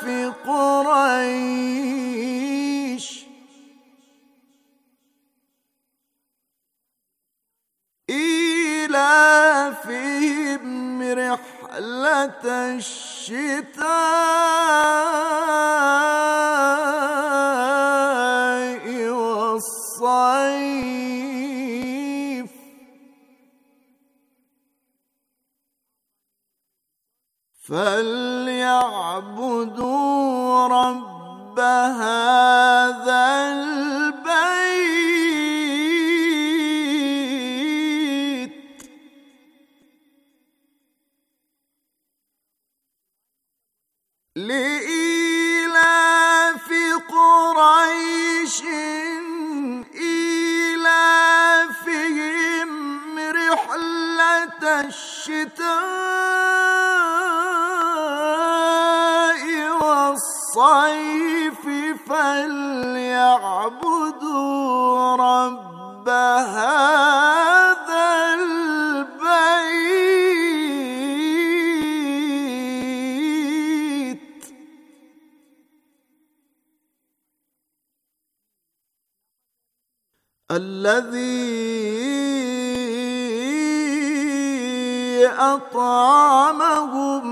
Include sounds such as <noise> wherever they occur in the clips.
في قريش إيلافهم رحلة الشتاء والصيف فاعبدوا رب هذا رب هذا البيت الذي أطعمهم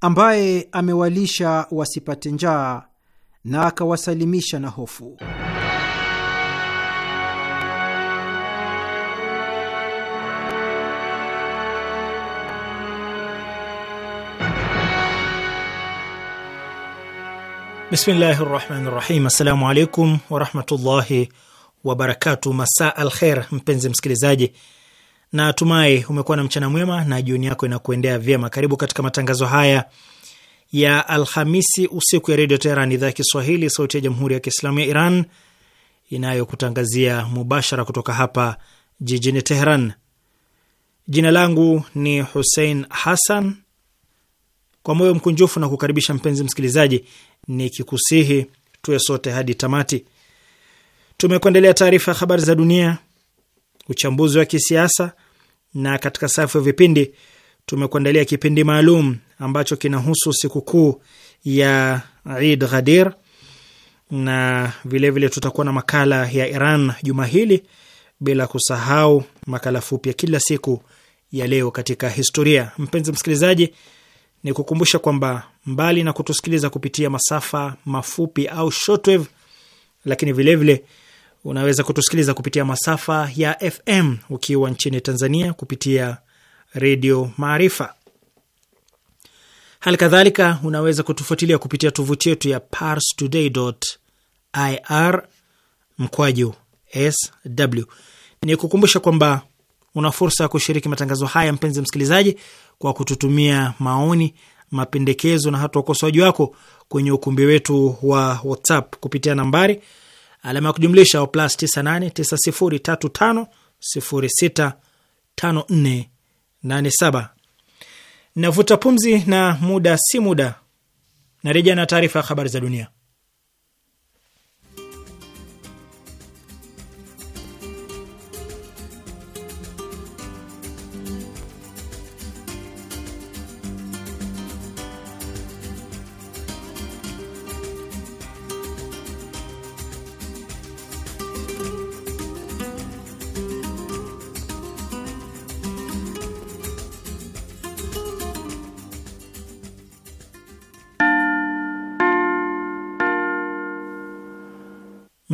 ambaye amewalisha wasipate njaa na akawasalimisha na hofu. Bismillahi rahmani rahim. Assalamu alaikum warahmatullahi wabarakatu. Masaa al kher, mpenzi msikilizaji na tumai umekuwa na mchana mwema na jioni yako inakuendea vyema. Karibu katika matangazo haya ya Alhamisi usiku ya Redio Teheran, idhaa ya Kiswahili, sauti ya Jamhuri ya Kiislamu ya Iran inayokutangazia mubashara kutoka hapa jijini Teheran. Jina langu ni Husein Hassan, kwa moyo mkunjufu na kukaribisha mpenzi msikilizaji, nikikusihi tuwe sote hadi tamati. Tumekuendelea taarifa ya habari za dunia uchambuzi wa kisiasa, na katika safu ya vipindi tumekuandalia kipindi maalum ambacho kinahusu sikukuu ya Eid Ghadir, na vilevile vile tutakuwa na makala ya Iran juma hili, bila kusahau makala fupi ya kila siku ya leo katika historia. Mpenzi msikilizaji, ni kukumbusha kwamba mbali na kutusikiliza kupitia masafa mafupi au shortwave, lakini vilevile vile Unaweza kutusikiliza kupitia masafa ya FM ukiwa nchini Tanzania kupitia Redio Maarifa. Hali kadhalika unaweza kutufuatilia kupitia tovuti yetu ya parstoday.ir mkwaju sw. Ni kukumbusha kwamba una fursa ya kushiriki matangazo haya, mpenzi msikilizaji, kwa kututumia maoni, mapendekezo na hata ukosoaji wako kwenye ukumbi wetu wa WhatsApp kupitia nambari alama ya kujumlisha plus 989035065487. Navuta pumzi na muda si muda narejea na taarifa ya habari za dunia.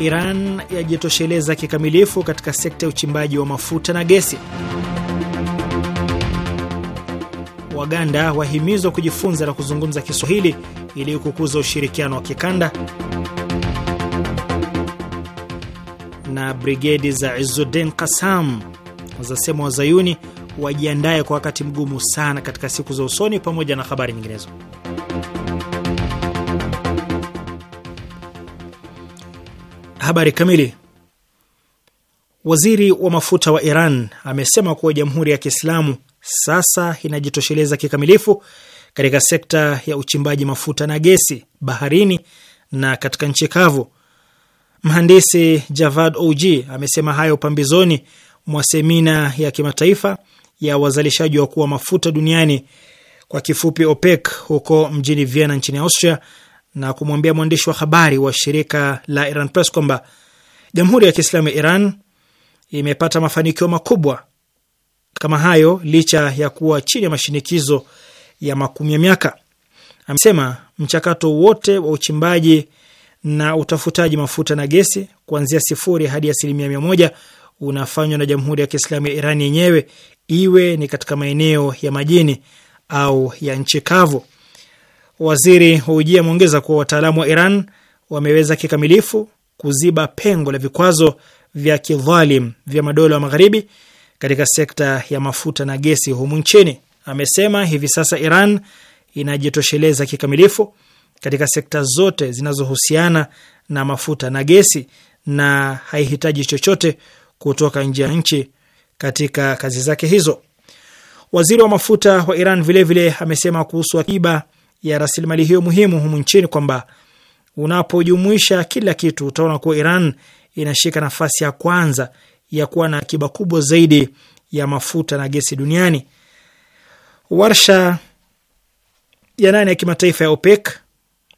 Iran yajitosheleza kikamilifu katika sekta ya uchimbaji wa mafuta na gesi. Waganda wahimizwa kujifunza na kuzungumza Kiswahili ili kukuza ushirikiano wa kikanda. Na brigedi za Izzuddin kasam zasema wazayuni wajiandaye kwa wakati mgumu sana katika siku za usoni, pamoja na habari nyinginezo. Habari kamili. Waziri wa mafuta wa Iran amesema kuwa Jamhuri ya Kiislamu sasa inajitosheleza kikamilifu katika sekta ya uchimbaji mafuta na gesi baharini na katika nchi kavu. Mhandisi Javad OG amesema hayo pambizoni mwa semina ya kimataifa ya wazalishaji wakuu wa mafuta duniani kwa kifupi OPEC huko mjini Vienna nchini Austria na kumwambia mwandishi wa habari wa shirika la Iran Press kwamba Jamhuri ya Kiislamu ya Iran imepata mafanikio makubwa kama hayo licha ya kuwa chini ya mashinikizo ya makumi ya miaka. Amesema mchakato wote wa uchimbaji na utafutaji mafuta na gesi kuanzia sifuri hadi asilimia mia moja unafanywa na Jamhuri ya Kiislamu ya Iran yenyewe, iwe ni katika maeneo ya majini au ya nchi kavu. Waziri Huji ameongeza kuwa wataalamu wa Iran wameweza kikamilifu kuziba pengo la vikwazo vya kidhalim vya madola wa magharibi katika sekta ya mafuta na gesi humu nchini. Amesema hivi sasa Iran inajitosheleza kikamilifu katika sekta zote zinazohusiana na mafuta na gesi na haihitaji chochote kutoka nje ya nchi katika kazi zake hizo. Waziri wa mafuta wa Iran vilevile vile amesema kuhusu akiba ya rasilimali hiyo muhimu humu nchini kwamba unapojumuisha kila kitu utaona kuwa Iran inashika nafasi ya kwanza ya kuwa na akiba kubwa zaidi ya mafuta na gesi duniani. Warsha ya nane ya kimataifa ya OPEC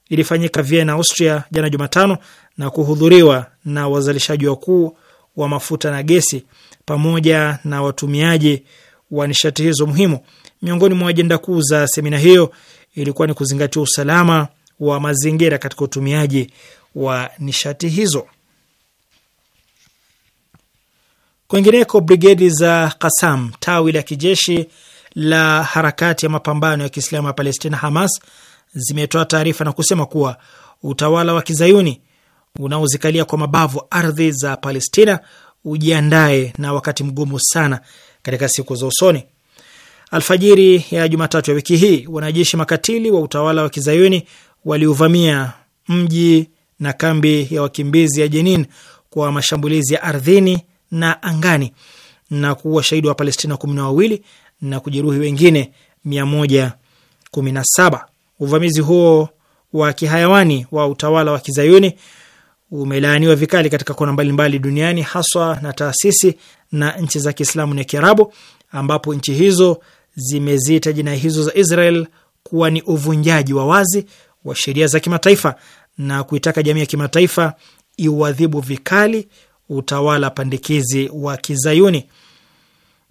ilifanyika Vienna, Austria jana Jumatano na kuhudhuriwa na wazalishaji wakuu wa mafuta na gesi pamoja na watumiaji wa nishati hizo muhimu. Miongoni mwa ajenda kuu za semina hiyo ilikuwa ni kuzingatia usalama wa mazingira katika utumiaji wa nishati hizo. Kwingineko, brigedi za Kasam, tawi la kijeshi la harakati ya mapambano ya Kiislamu ya Palestina, Hamas, zimetoa taarifa na kusema kuwa utawala wa kizayuni unaozikalia kwa mabavu ardhi za Palestina ujiandae na wakati mgumu sana katika siku za usoni. Alfajiri ya Jumatatu ya wiki hii wanajeshi makatili wa utawala wa kizayuni waliuvamia mji na kambi ya wakimbizi ya Jenin kwa mashambulizi ya ardhini na angani na kuua shahidi wa Palestina kumi na wawili na kujeruhi wengine mia moja kumi na saba. Uvamizi huo wa kihayawani wa utawala wa kizayuni umelaaniwa vikali katika kona mbalimbali duniani haswa na taasisi na nchi za Kiislamu na Kiarabu ambapo nchi hizo zimeziita jinai hizo za Israel kuwa ni uvunjaji wa wazi wa sheria za kimataifa na kuitaka jamii ya kimataifa iuadhibu vikali utawala pandikizi wa Kizayuni.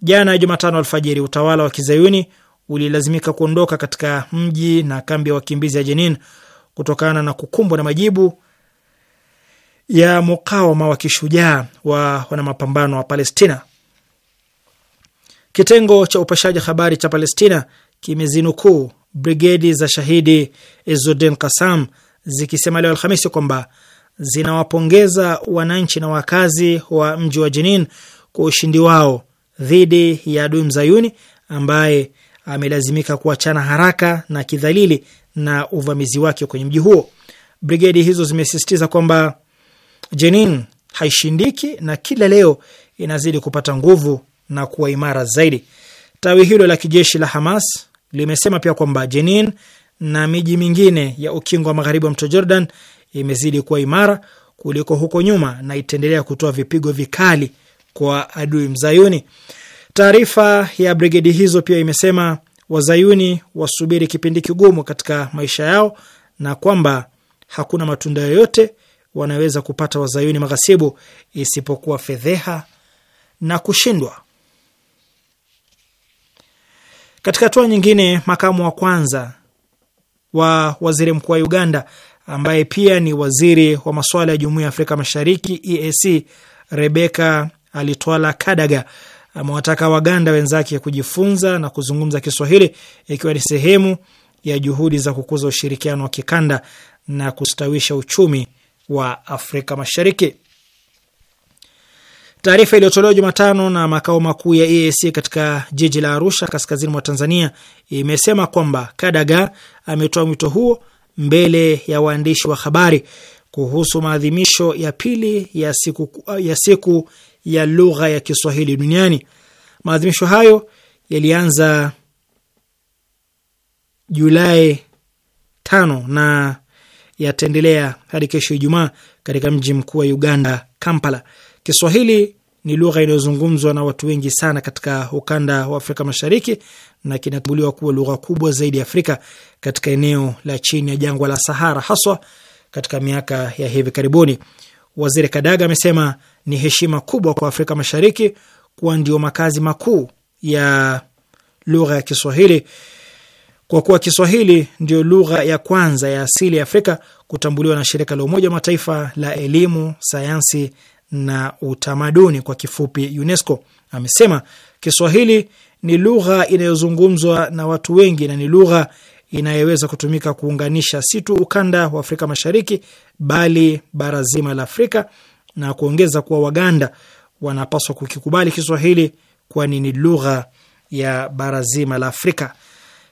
Jana Jumatano alfajiri, utawala wa Kizayuni ulilazimika kuondoka katika mji na kambi ya wakimbizi ya Jenin kutokana na kukumbwa na majibu ya mukawama wa kishujaa wa wanamapambano wa Palestina. Kitengo cha upashaji habari cha Palestina kimezinukuu brigedi za shahidi Izudin Kasam zikisema leo Alhamisi kwamba zinawapongeza wananchi na wakazi wa mji wa Jenin kwa ushindi wao dhidi ya adui mzayuni ambaye amelazimika kuachana haraka na kidhalili na uvamizi wake kwenye mji huo. Brigedi hizo zimesisitiza kwamba Jenin haishindiki na kila leo inazidi kupata nguvu na kuwa imara zaidi. Tawi hilo la kijeshi la Hamas limesema pia kwamba Jenin na miji mingine ya ukingo wa magharibi wa mto Jordan imezidi kuwa imara kuliko huko nyuma na itaendelea kutoa vipigo vikali kwa adui mzayuni. Taarifa ya brigedi hizo pia imesema wazayuni wasubiri kipindi kigumu katika maisha yao na kwamba hakuna matunda yoyote wanaweza kupata wazayuni maghasibu isipokuwa fedheha na kushindwa. Katika hatua nyingine, makamu wa kwanza wa waziri mkuu wa Uganda ambaye pia ni waziri wa masuala ya jumuiya ya Afrika Mashariki EAC Rebeka Alitwala Kadaga amewataka Waganda wenzake kujifunza na kuzungumza Kiswahili ikiwa ni sehemu ya juhudi za kukuza ushirikiano wa kikanda na kustawisha uchumi wa Afrika Mashariki. Taarifa iliyotolewa Jumatano na makao makuu ya EAC katika jiji la Arusha, kaskazini mwa Tanzania, imesema kwamba Kadaga ametoa mwito huo mbele ya waandishi wa habari kuhusu maadhimisho ya pili ya siku ya, siku ya lugha ya Kiswahili duniani. Maadhimisho hayo yalianza Julai tano na yataendelea hadi kesho Ijumaa katika mji mkuu wa Uganda, Kampala. Kiswahili ni lugha inayozungumzwa na watu wengi sana katika ukanda wa Afrika Mashariki na kinatambuliwa kuwa lugha kubwa zaidi ya Afrika katika eneo la chini ya jangwa la Sahara, haswa katika miaka ya hivi karibuni. Waziri Kadaga amesema ni heshima kubwa kwa Afrika Mashariki kuwa ndio makazi makuu ya lugha ya Kiswahili kwa kuwa Kiswahili ndio lugha ya kwanza ya asili ya Afrika kutambuliwa na shirika la Umoja wa Mataifa la elimu, sayansi na utamaduni kwa kifupi UNESCO, amesema Kiswahili ni lugha inayozungumzwa na watu wengi na ni lugha inayoweza kutumika kuunganisha si tu ukanda wa Afrika Mashariki bali bara zima la Afrika, na kuongeza kuwa Waganda wanapaswa kukikubali Kiswahili kwani ni lugha ya bara zima la Afrika.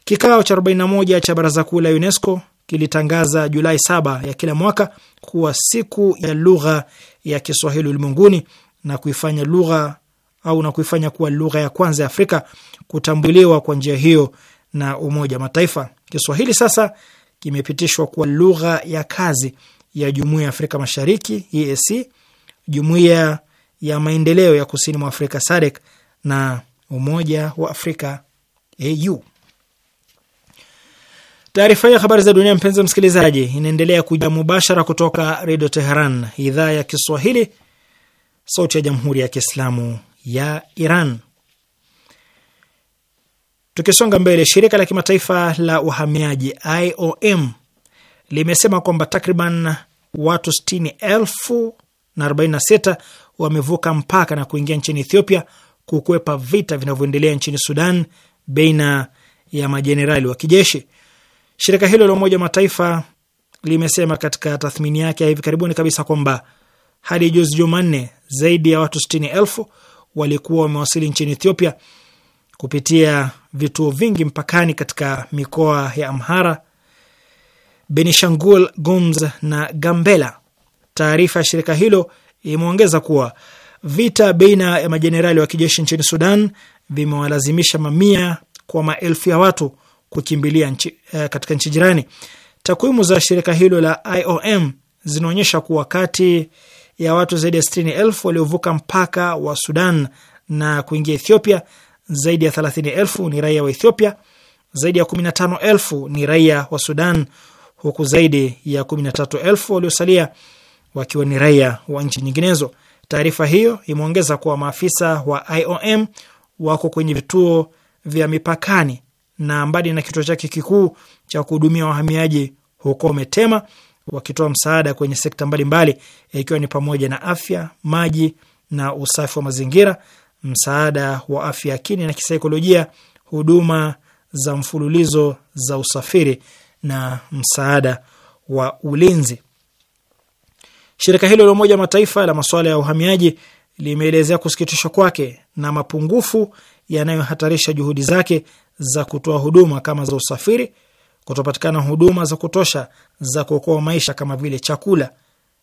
Kikao cha 41 cha Baraza Kuu la UNESCO kilitangaza Julai saba ya kila mwaka kuwa siku ya lugha ya Kiswahili ulimwenguni na kuifanya lugha au na kuifanya kuwa lugha ya kwanza ya Afrika kutambuliwa kwa njia hiyo na Umoja Mataifa. Kiswahili sasa kimepitishwa kuwa lugha ya kazi ya Jumuiya ya Afrika Mashariki EAC, Jumuiya ya Maendeleo ya Kusini mwa Afrika SADC na Umoja wa Afrika AU. Taarifa ya habari za dunia, mpenzi msikilizaji, inaendelea kuja mubashara kutoka Redio Teheran, idhaa ya Kiswahili, sauti ya Jamhuri ya Kiislamu ya Iran. Tukisonga mbele, shirika la kimataifa la uhamiaji IOM limesema kwamba takriban watu 60,046 wamevuka mpaka na kuingia nchini Ethiopia kukwepa vita vinavyoendelea nchini Sudan baina ya majenerali wa kijeshi. Shirika hilo la Umoja Mataifa limesema katika tathmini yake ya hivi karibuni kabisa kwamba hadi juzi Jumanne, zaidi ya watu sitini elfu walikuwa wamewasili nchini Ethiopia kupitia vituo vingi mpakani katika mikoa ya Amhara, Benishangul gums na Gambela. Taarifa ya shirika hilo imeongeza kuwa vita baina ya majenerali wa kijeshi nchini Sudan vimewalazimisha mamia kwa maelfu ya watu kukimbilia nchi, eh, katika nchi jirani. Takwimu za shirika hilo la IOM zinaonyesha kuwa kati ya watu zaidi ya sitini elfu waliovuka mpaka wa Sudan na kuingia Ethiopia, zaidi ya thelathini elfu ni raia wa Ethiopia, zaidi ya kumi na tano elfu ni raia wa Sudan, huku zaidi ya kumi na tatu elfu waliosalia wakiwa ni raia wa nchi nyinginezo. Taarifa hiyo imeongeza kuwa maafisa wa IOM wako kwenye vituo vya mipakani na mbali na kituo chake kikuu cha kuhudumia wahamiaji huko Metema, wakitoa msaada kwenye sekta mbalimbali ikiwa ni pamoja na afya, maji na usafi wa mazingira, msaada wa afya akini na kisaikolojia, huduma za mfululizo za usafiri na msaada wa ulinzi. Shirika hilo la Umoja wa Mataifa la masuala ya uhamiaji limeelezea kusikitishwa kwake na mapungufu yanayohatarisha juhudi zake za kutoa huduma kama za usafiri, kutopatikana huduma za kutosha za kuokoa maisha kama vile chakula,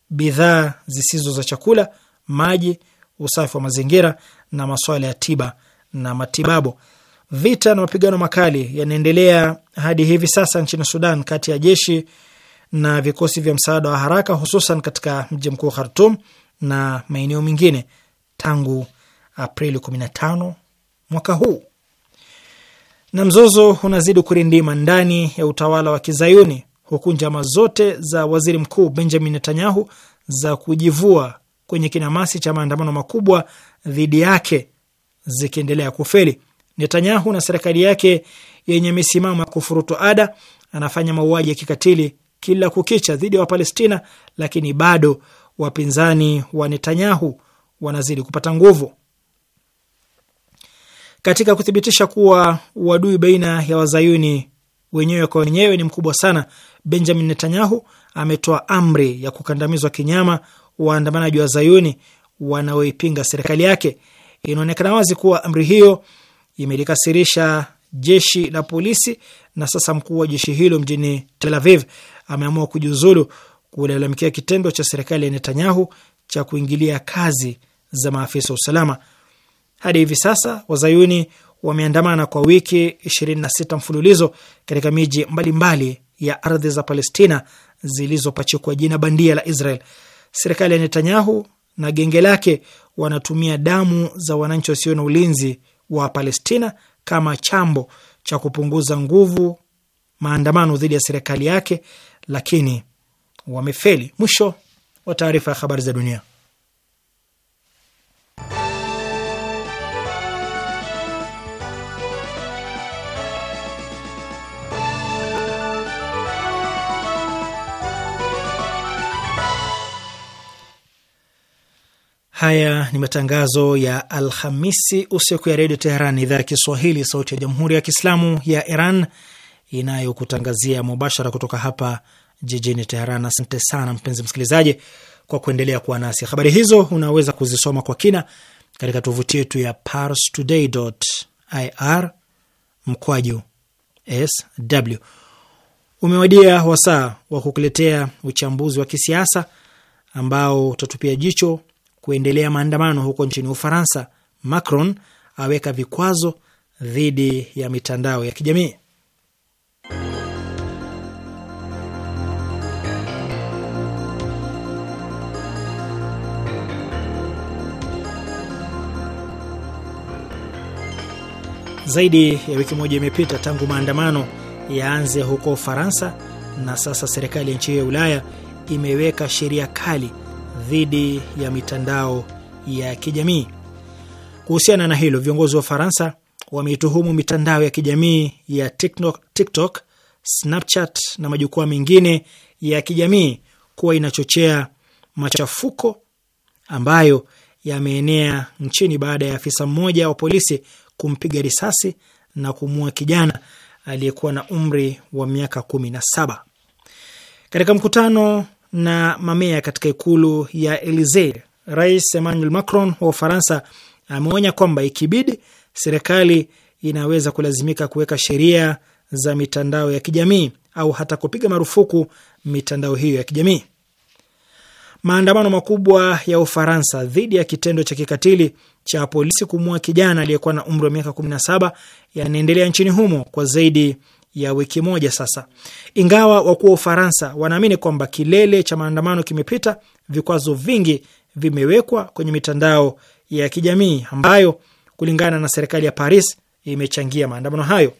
bidhaa zisizo za chakula, maji, usafi wa mazingira na masuala ya tiba na matibabu. Vita na mapigano makali yanaendelea hadi hivi sasa nchini Sudan kati ya jeshi na vikosi vya msaada wa haraka hususan katika mji mkuu Khartum na maeneo mengine tangu Aprili 15 mwaka huu, na mzozo unazidi kurindima ndani ya utawala wa Kizayuni, huku njama zote za waziri mkuu Benjamin Netanyahu za kujivua kwenye kinamasi cha maandamano makubwa dhidi yake zikiendelea kufeli. Netanyahu na serikali yake yenye misimamo ya kufurutu ada anafanya mauaji ya kikatili kila kukicha dhidi ya Wapalestina, lakini bado wapinzani wa Netanyahu wanazidi kupata nguvu katika kuthibitisha kuwa uadui baina ya wazayuni wenyewe kwa wenyewe ni mkubwa sana. Benjamin Netanyahu ametoa amri ya kukandamizwa kinyama waandamanaji wa zayuni wanaoipinga serikali yake. Inaonekana wazi kuwa amri hiyo imelikasirisha jeshi la polisi, na sasa mkuu wa jeshi hilo mjini Tel Aviv ameamua kujiuzulu kulalamikia kitendo cha serikali ya Netanyahu cha kuingilia kazi za maafisa wa usalama. Hadi hivi sasa wazayuni wameandamana kwa wiki 26 mfululizo katika miji mbalimbali ya ardhi za Palestina zilizopachikwa jina bandia la Israel. Serikali ya Netanyahu na genge lake wanatumia damu za wananchi wasio na ulinzi wa Palestina kama chambo cha kupunguza nguvu maandamano dhidi ya serikali yake, lakini wamefeli. Mwisho wa taarifa ya habari za dunia. Haya ni matangazo ya Alhamisi usiku ya redio Teheran, idhaa ya Kiswahili, sauti ya jamhuri ya kiislamu ya Iran inayokutangazia mubashara kutoka hapa jijini Teheran. Asante sana mpenzi msikilizaji kwa kuendelea kuwa nasi. Habari hizo unaweza kuzisoma kwa kina katika tovuti yetu ya parstoday.ir mkwaju sw. Umewadia wasaa wa kukuletea uchambuzi wa kisiasa ambao utatupia jicho kuendelea maandamano huko nchini Ufaransa. Macron aweka vikwazo dhidi ya mitandao ya kijamii. Zaidi ya wiki moja imepita tangu maandamano yaanze huko Ufaransa, na sasa serikali ya nchi hiyo ya Ulaya imeweka sheria kali dhidi ya mitandao ya kijamii. Kuhusiana na hilo, viongozi wa Faransa wameituhumu mitandao ya kijamii ya TikTok, TikTok, Snapchat na majukwaa mengine ya kijamii kuwa inachochea machafuko ambayo yameenea nchini baada ya afisa mmoja wa polisi kumpiga risasi na kumua kijana aliyekuwa na umri wa miaka kumi na saba. Katika mkutano na mamea katika ikulu ya Elisee, Rais Emmanuel Macron wa Ufaransa ameonya kwamba ikibidi, serikali inaweza kulazimika kuweka sheria za mitandao ya kijamii au hata kupiga marufuku mitandao hiyo ya kijamii. Maandamano makubwa ya Ufaransa dhidi ya kitendo cha kikatili cha polisi kumua kijana aliyekuwa na umri wa miaka 17 yanaendelea nchini humo kwa zaidi ya wiki moja sasa. Ingawa wakuwa Ufaransa wanaamini kwamba kilele cha maandamano kimepita, vikwazo vingi vimewekwa kwenye mitandao ya kijamii ambayo kulingana na serikali ya Paris imechangia maandamano hayo.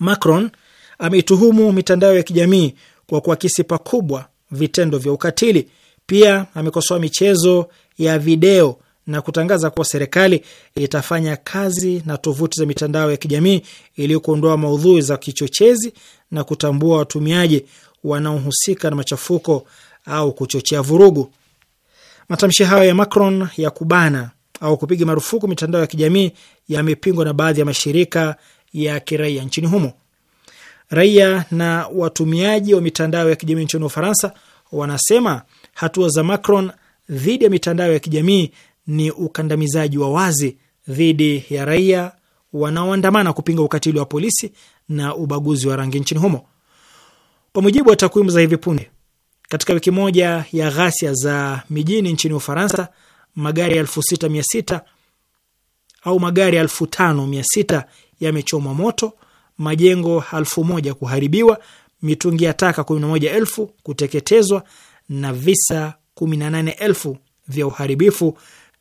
Macron ameituhumu mitandao ya kijamii kwa kuakisi pakubwa vitendo vya ukatili. Pia amekosoa michezo ya video na kutangaza kuwa serikali itafanya kazi na tovuti za mitandao ya kijamii ili kuondoa maudhui za kichochezi na kutambua watumiaji wanaohusika na machafuko au kuchochea vurugu. Matamshi hayo ya Macron ya kubana au kupiga marufuku mitandao ya kijamii yamepingwa na baadhi ya mashirika ya kiraia nchini humo. Raia na watumiaji wa mitandao ya kijamii nchini Ufaransa wanasema hatua za Macron dhidi ya mitandao ya kijamii ni ukandamizaji wa wazi dhidi ya raia wanaoandamana kupinga ukatili wa polisi na ubaguzi wa rangi nchini humo. Kwa mujibu wa takwimu za hivi punde, katika wiki moja ya ghasia za mijini nchini Ufaransa, magari elfu sita mia sita au magari elfu tano mia sita yamechomwa moto, majengo elfu moja kuharibiwa, mitungi ya taka kumi na moja elfu kuteketezwa na visa kumi na nane elfu vya uharibifu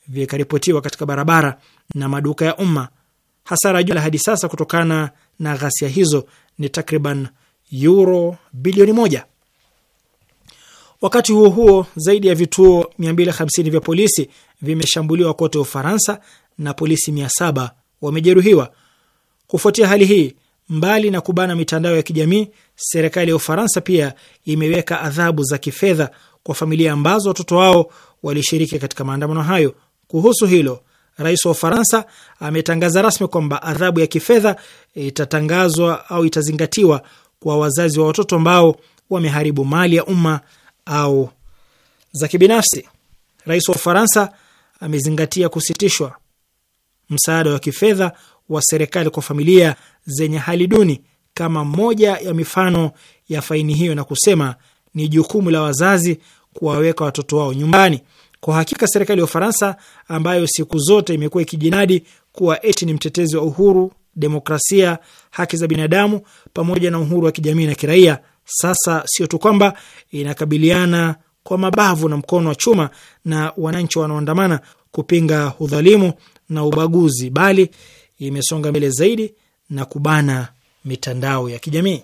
vikaripotiwa katika barabara na maduka ya umma. Hasara jumla hadi sasa kutokana na ghasia hizo ni takriban euro bilioni moja. Wakati huo huo, zaidi ya vituo 250 vya polisi vimeshambuliwa kote Ufaransa na polisi 700 wamejeruhiwa. Kufuatia hali hii, mbali na kubana mitandao ya kijamii, serikali ya Ufaransa pia imeweka adhabu za kifedha kwa familia ambazo watoto wao walishiriki katika maandamano hayo. Kuhusu hilo, rais wa Ufaransa ametangaza rasmi kwamba adhabu ya kifedha itatangazwa au itazingatiwa kwa wazazi wa watoto ambao wameharibu mali ya umma au za kibinafsi. Rais wa Ufaransa amezingatia kusitishwa msaada wa kifedha wa serikali kwa familia zenye hali duni kama moja ya mifano ya faini hiyo, na kusema ni jukumu la wazazi kuwaweka watoto wao nyumbani. Kwa hakika serikali ya Ufaransa ambayo siku zote imekuwa ikijinadi kuwa eti ni mtetezi wa uhuru, demokrasia, haki za binadamu pamoja na uhuru wa kijamii na kiraia, sasa sio tu kwamba inakabiliana kwa mabavu na mkono wa chuma na wananchi wanaoandamana kupinga udhalimu na ubaguzi, bali imesonga mbele zaidi na kubana mitandao ya kijamii.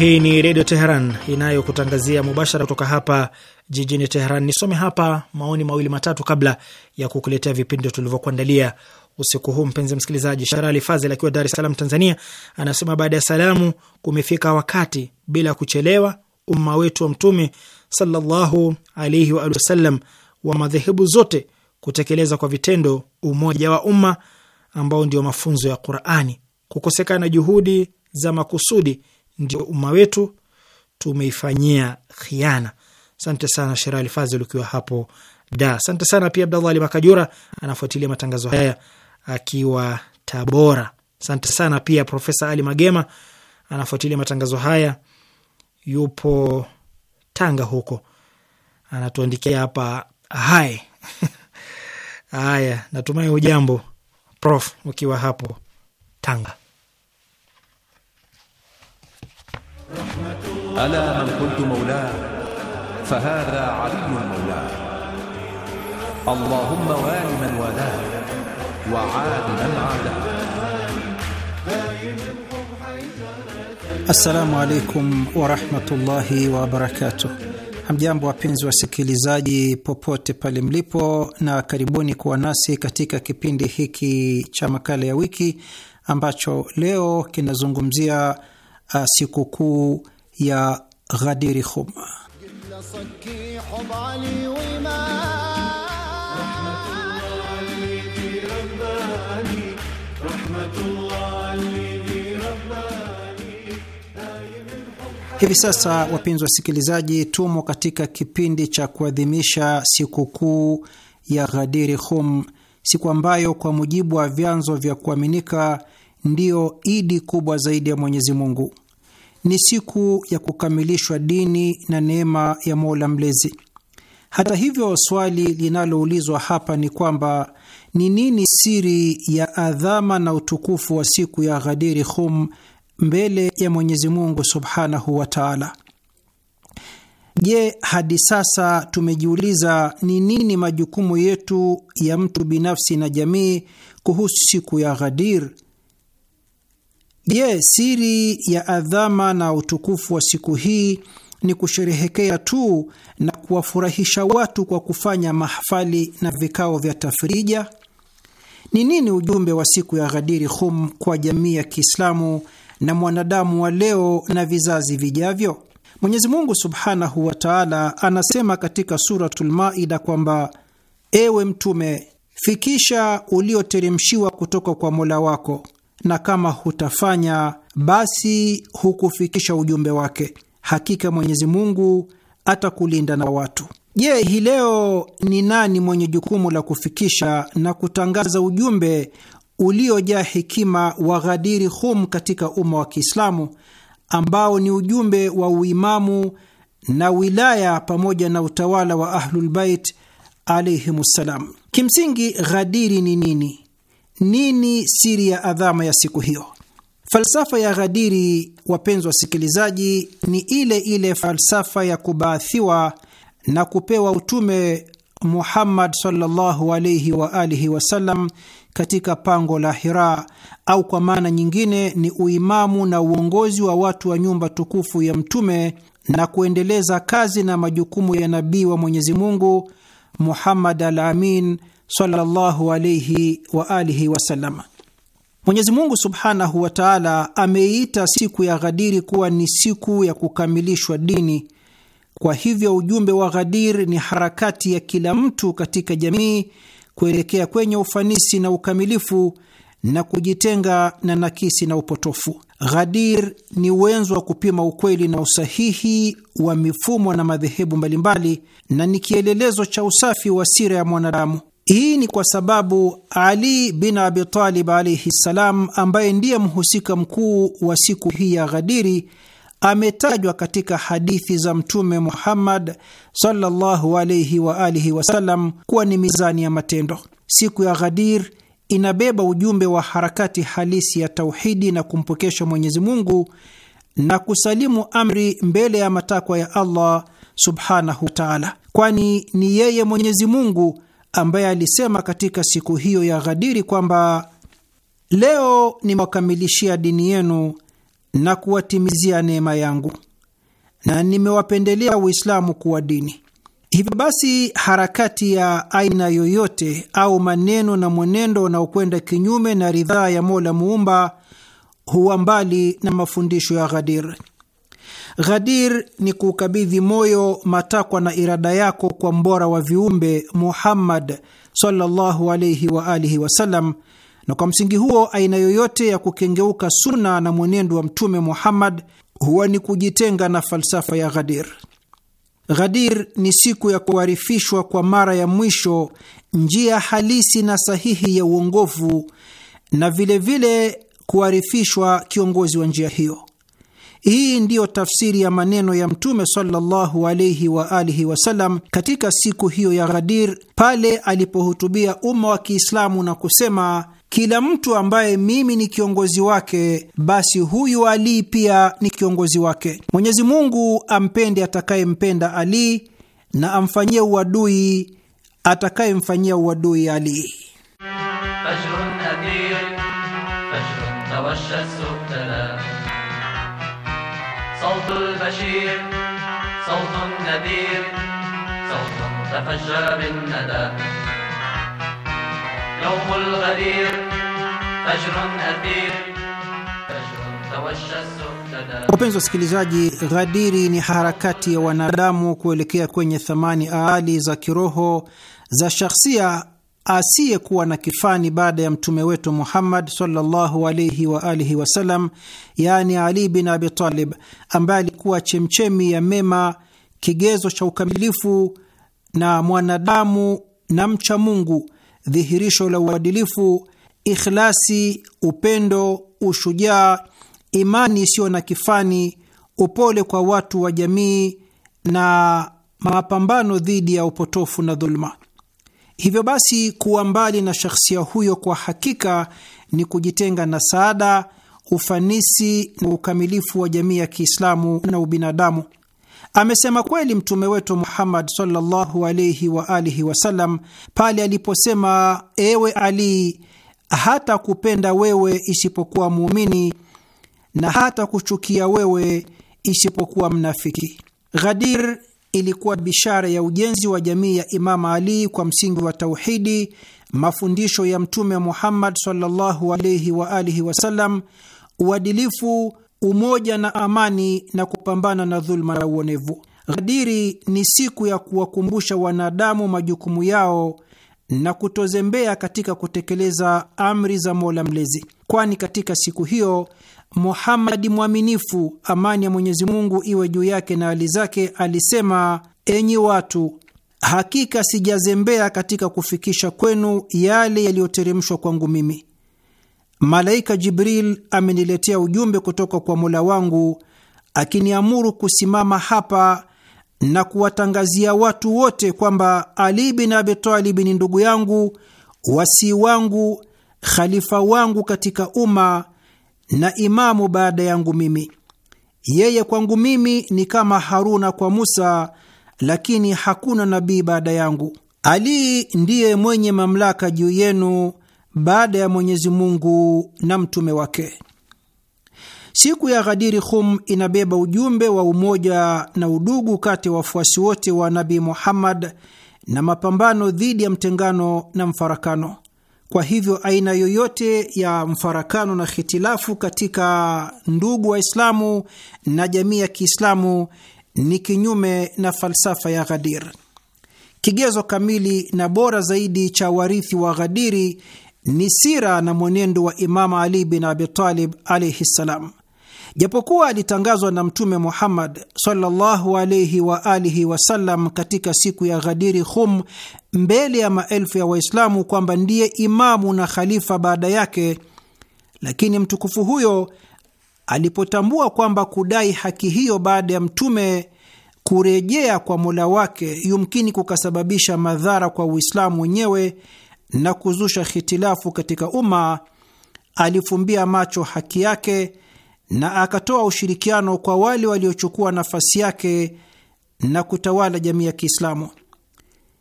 Hii ni Redio Teheran inayokutangazia mubashara kutoka hapa jijini Teheran. Nisome hapa maoni mawili matatu kabla ya kukuletea vipindi tulivyokuandalia usiku huu. Mpenzi msikilizaji, Sharali Fazel akiwa Dar es Salaam, Tanzania, anasema baada ya salamu, kumefika wakati bila kuchelewa umma wetu wa Mtume sallallahu alaihi wa sallam wa madhehebu zote kutekeleza kwa vitendo umoja wa umma ambao ndio mafunzo ya Qurani. Kukosekana juhudi za makusudi ndio umma wetu tumeifanyia khiana. Asante sana Sherali Fazil ukiwa hapo da. Asante sana pia Abdallah Ali Makajura anafuatilia matangazo haya akiwa Tabora. Asante sana pia Profesa Ali Magema anafuatilia matangazo haya, yupo Tanga huko, anatuandikia hapa hai <laughs> haya. Natumai ujambo Prof ukiwa hapo Tanga. ألا من كنت مولاه فهذا علي مولاه اللهم وال من والاه وعاد من عاداه Assalamu alaikum warahmatullahi wabarakatuh. Hamjambo wapenzi wasikilizaji, popote pale mlipo, na karibuni kuwa nasi katika kipindi hiki cha makala ya wiki ambacho leo kinazungumzia Uh, sikukuu ya Ghadiri Khum. Hivi sasa wapenzi wasikilizaji, tumo katika kipindi cha kuadhimisha sikukuu ya Ghadiri Khum, siku ambayo kwa mujibu wa vyanzo vya kuaminika ndiyo idi kubwa zaidi ya Mwenyezi Mungu. Ni siku ya kukamilishwa dini na neema ya Mola Mlezi. Hata hivyo, swali linaloulizwa hapa ni kwamba ni nini siri ya adhama na utukufu wa siku ya Ghadiri Khum mbele ya Mwenyezi Mungu subhanahu wa taala? Je, hadi sasa tumejiuliza ni nini majukumu yetu ya mtu binafsi na jamii kuhusu siku ya Ghadir Je, siri ya adhama na utukufu wa siku hii ni kusherehekea tu na kuwafurahisha watu kwa kufanya mahafali na vikao vya tafrija? Ni nini ujumbe wa siku ya ghadiri Khum kwa jamii ya Kiislamu na mwanadamu wa leo na vizazi vijavyo? Mwenyezi Mungu subhanahu wa taala anasema katika Suratul Maida kwamba ewe Mtume, fikisha ulioteremshiwa kutoka kwa mola wako na kama hutafanya basi hukufikisha ujumbe wake. Hakika Mwenyezi Mungu atakulinda na watu. Je, hii leo ni nani mwenye jukumu la kufikisha na kutangaza ujumbe uliojaa hekima wa Ghadiri Hum katika umma wa Kiislamu ambao ni ujumbe wa uimamu na wilaya pamoja na utawala wa Ahlulbait alaihimussalam? Kimsingi, Ghadiri ni nini? Nini siri ya adhama ya siku hiyo? Falsafa ya Ghadiri, wapenzi wasikilizaji, ni ile ile falsafa ya kubaathiwa na kupewa utume Muhammad sallallahu alayhi wa alihi wasallam katika pango la Hira, au kwa maana nyingine ni uimamu na uongozi wa watu wa nyumba tukufu ya Mtume na kuendeleza kazi na majukumu ya nabii wa Mwenyezi Mungu Muhammad al-Amin sallallahu wa alihi wasallam. Mwenyezi Mungu subhanahu wa taala ameiita siku ya Ghadiri kuwa ni siku ya kukamilishwa dini. Kwa hivyo ujumbe wa Ghadir ni harakati ya kila mtu katika jamii kuelekea kwenye ufanisi na ukamilifu na kujitenga na nakisi na upotofu. Ghadir ni uwenzo wa kupima ukweli na usahihi wa mifumo na madhehebu mbalimbali, na ni kielelezo cha usafi wa sira ya mwanadamu. Hii ni kwa sababu Ali bin Abi Talib alaihi ssalam, ambaye ndiye mhusika mkuu wa siku hii ya Ghadiri, ametajwa katika hadithi za Mtume Muhammad sallallahu alaihi wa alihi wasallam kuwa ni mizani ya matendo. Siku ya Ghadir inabeba ujumbe wa harakati halisi ya tauhidi na kumpokesha Mwenyezi Mungu na kusalimu amri mbele ya matakwa ya Allah subhanahu wataala, kwani ni yeye Mwenyezi Mungu ambaye alisema katika siku hiyo ya Ghadiri kwamba leo nimewakamilishia dini yenu na kuwatimizia neema yangu na nimewapendelea Uislamu kuwa dini. Hivyo basi, harakati ya aina yoyote au maneno na mwenendo unaokwenda kinyume na ridhaa ya Mola Muumba huwa mbali na mafundisho ya Ghadir. Ghadir ni kuukabidhi moyo, matakwa na irada yako kwa mbora wa viumbe Muhammad sallallahu alayhi wa alihi wasallam, na kwa msingi huo aina yoyote ya kukengeuka suna na mwenendo wa Mtume Muhammad huwa ni kujitenga na falsafa ya Ghadir. Ghadir ni siku ya kuarifishwa kwa mara ya mwisho njia halisi na sahihi ya uongovu na vilevile kuarifishwa kiongozi wa njia hiyo. Hii ndiyo tafsiri ya maneno ya Mtume sallallahu alaihi wa alihi wasallam katika siku hiyo ya Ghadir, pale alipohutubia umma wa Kiislamu na kusema, kila mtu ambaye mimi ni kiongozi wake, basi huyu Ali pia ni kiongozi wake. Mwenyezi Mungu ampende atakayempenda Ali na amfanyie uadui atakayemfanyia uadui Ali. تفجى بالندى يوم الغدير فجر أثير Wapenzi wasikilizaji, ghadiri ni harakati ya wanadamu kuelekea kwenye thamani aali za kiroho za shakhsia asiyekuwa na kifani baada ya mtume wetu Muhammad sallallahu alaihi wa alihi wasallam, yaani Ali bin Abi Talib, ambaye alikuwa chemchemi ya mema, kigezo cha ukamilifu na mwanadamu na mcha Mungu, dhihirisho la uadilifu, ikhlasi, upendo, ushujaa, imani isiyo na kifani, upole kwa watu wa jamii na mapambano dhidi ya upotofu na dhuluma. Hivyo basi, kuwa mbali na shakhsia huyo kwa hakika ni kujitenga na saada, ufanisi na ukamilifu wa jamii ya Kiislamu na ubinadamu. Amesema kweli mtume wetu Muhammad sallallahu alaihi wa alihi wasallam pale aliposema, ewe Ali, hata kupenda wewe isipokuwa muumini na hata kuchukia wewe isipokuwa mnafiki. Ghadir ilikuwa bishara ya ujenzi wa jamii ya Imama Ali kwa msingi wa tauhidi, mafundisho ya Mtume Muhammad sallallahu alaihi wa alihi wasallam, uadilifu umoja na amani na kupambana na dhuluma na uonevu. Ghadiri ni siku ya kuwakumbusha wanadamu majukumu yao na kutozembea katika kutekeleza amri za Mola Mlezi, kwani katika siku hiyo Muhammadi mwaminifu, amani ya Mwenyezi Mungu iwe juu yake na hali zake, alisema: enyi watu, hakika sijazembea katika kufikisha kwenu yale yaliyoteremshwa kwangu mimi malaika Jibril ameniletea ujumbe kutoka kwa Mola wangu akiniamuru kusimama hapa na kuwatangazia watu wote kwamba Ali bin Abi Talib ni ndugu yangu, wasii wangu, khalifa wangu katika umma na imamu baada yangu mimi. Yeye kwangu mimi ni kama Haruna kwa Musa, lakini hakuna nabii baada yangu. Ali ndiye mwenye mamlaka juu yenu baada ya Mwenyezi Mungu na mtume wake. Siku ya Ghadiri Khum inabeba ujumbe wa umoja na udugu kati ya wafuasi wote wa nabi Muhammad na mapambano dhidi ya mtengano na mfarakano. Kwa hivyo aina yoyote ya mfarakano na khitilafu katika ndugu Waislamu na jamii ya Kiislamu ni kinyume na falsafa ya Ghadir. Kigezo kamili na bora zaidi cha warithi wa Ghadiri ni sira na mwenendo wa Imamu Ali bin Abitalib alaihi ssalam. Japokuwa alitangazwa na Mtume Muhammad sallallahu alaihi wa alihi wasallam katika siku ya Ghadiri Khum mbele ya maelfu ya Waislamu kwamba ndiye imamu na khalifa baada yake, lakini mtukufu huyo alipotambua kwamba kudai haki hiyo baada ya mtume kurejea kwa mola wake yumkini kukasababisha madhara kwa Uislamu wenyewe na kuzusha hitilafu katika umma, alifumbia macho haki yake na akatoa ushirikiano kwa wale waliochukua nafasi yake na kutawala jamii ya Kiislamu.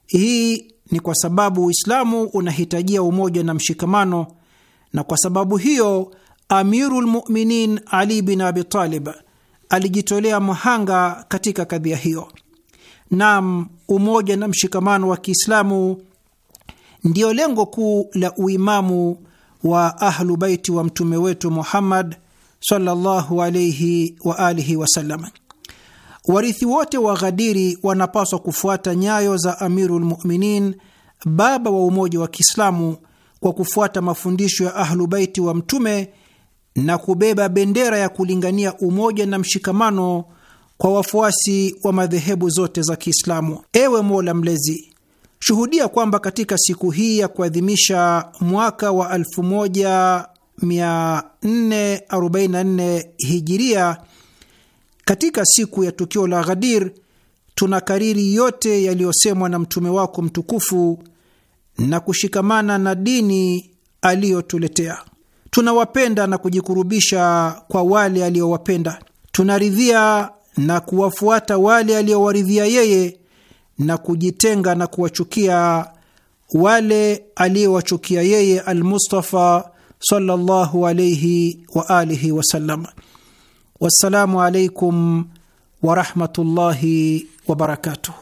Hii ni kwa sababu Uislamu unahitajia umoja na mshikamano, na kwa sababu hiyo Amirul Muminin Ali bin Abi Talib alijitolea mhanga katika kadhia hiyo. Naam, umoja na mshikamano wa Kiislamu ndiyo lengo kuu la uimamu wa Ahlu Baiti wa mtume wetu Muhammad sallallahu alaihi wa alihi wasallam. Warithi wote wa Ghadiri wanapaswa kufuata nyayo za Amiru lmuminin, baba wa umoja wa Kiislamu, kwa kufuata mafundisho ya Ahlu Baiti wa mtume na kubeba bendera ya kulingania umoja na mshikamano kwa wafuasi wa madhehebu zote za Kiislamu. Ewe Mola Mlezi, Shuhudia kwamba katika siku hii ya kuadhimisha mwaka wa 1444 hijiria, katika siku ya tukio la Ghadir, tuna kariri yote yaliyosemwa na mtume wako mtukufu na kushikamana na dini aliyotuletea. Tunawapenda na kujikurubisha kwa wale aliyowapenda, tunaridhia na kuwafuata wale aliyowaridhia yeye na kujitenga na kuwachukia wale aliyewachukia yeye Almustafa sallallahu alaihi wa alihi wasallam. Wassalamu alaikum warahmatullahi wabarakatuh.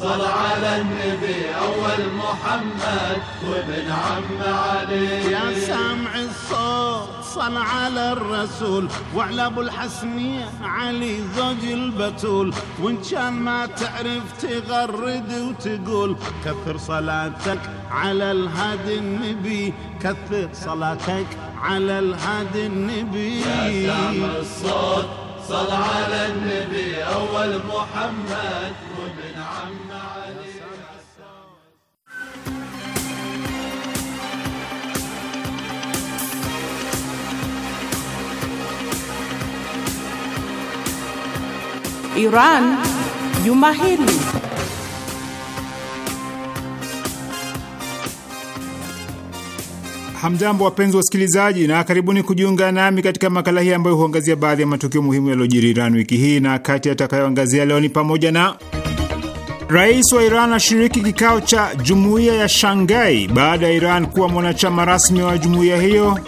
صل على النبي أول محمد وابن عم علي يا سامع الصوت صل على الرسول وعلى ابو الحسن علي زوج البتول وان كان ما تعرف تغرد وتقول كثر صلاتك على الهادي النبي كثر صلاتك على الهادي النبي يا سامع الصوت صل على النبي أول محمد وابن عم Iran juma hili. Hamjambo, wapenzi wa wasikilizaji, na karibuni kujiunga nami katika makala hii ambayo huangazia baadhi ya matukio muhimu yaliyojiri Iran wiki hii, na kati atakayoangazia leo ni pamoja na Rais wa Iran ashiriki kikao cha jumuiya ya Shanghai baada ya Iran kuwa mwanachama rasmi wa jumuiya hiyo